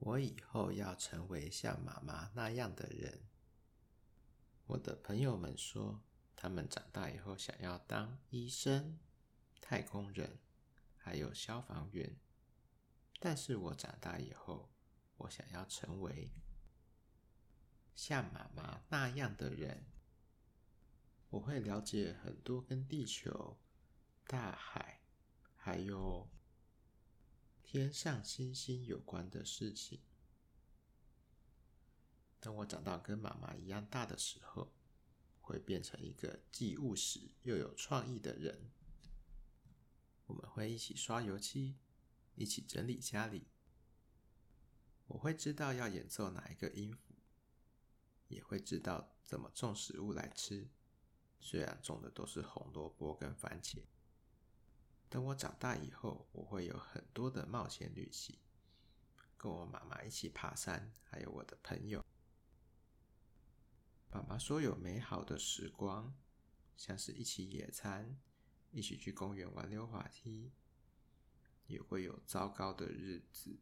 我以後要成為像媽媽那樣的人。我的朋友們說，他們長大以後想要當醫生、太空人，還有消防員。但是我長大以後，我想要成為像媽媽那樣的人。我會了解很多跟地球。大海，還有天上星星有關的事情。等我長到跟媽媽一樣大的時候，會變成一個既務實又有創意的人。我們會一起刷油漆，一起整理家裡。我會知道要演奏哪一個音符，也會知道怎麼種食物來吃。雖然種的都是紅蘿蔔跟番茄。等我長大以後，我會有很多的冒險旅行，跟我媽媽一起爬山，還有我的朋友。媽媽說有美好的時光，像是一起野餐，一起去公園玩溜滑梯，也會有糟糕的日子，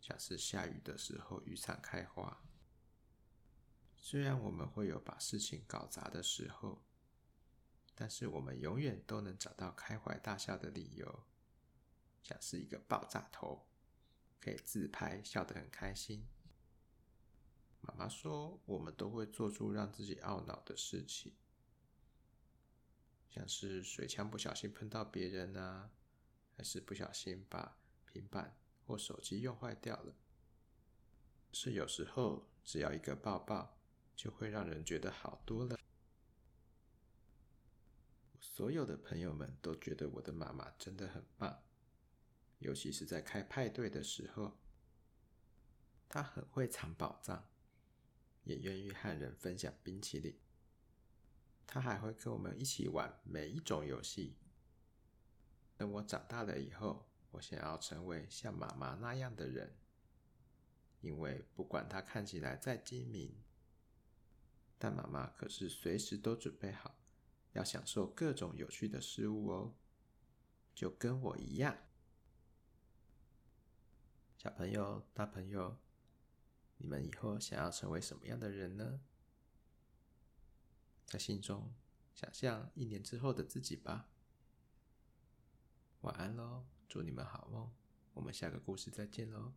像是下雨的時候雨傘開花。雖然我們會有把事情搞砸的時候。但是我們永遠都能找到開懷大笑的理由，像是一個爆炸頭，可以自拍笑得很開心。媽媽說，我們都會做出讓自己懊惱的事情，像是水槍不小心碰到別人啊，還是不小心把平板或手機用壞掉了。是有時候只要一個抱抱，就會讓人覺得好多了。所有的朋友們都覺得我的媽媽真的很棒，尤其是在開派對的時候，她很會藏寶藏，也願意和人分享冰淇淋。她還會跟我們一起玩每一種遊戲。等我長大了以後，我想要成為像媽媽那樣的人，因為不管她看起來再精明，但媽媽可是隨時都準備好，要享受各種有趣的事物哦，就跟我一樣。小朋友、大朋友，你們以後想要成為什麼樣的人呢？在心中想象一年之後的自己吧。晚安嘍，祝你們好夢。我們下個故事再見嘍。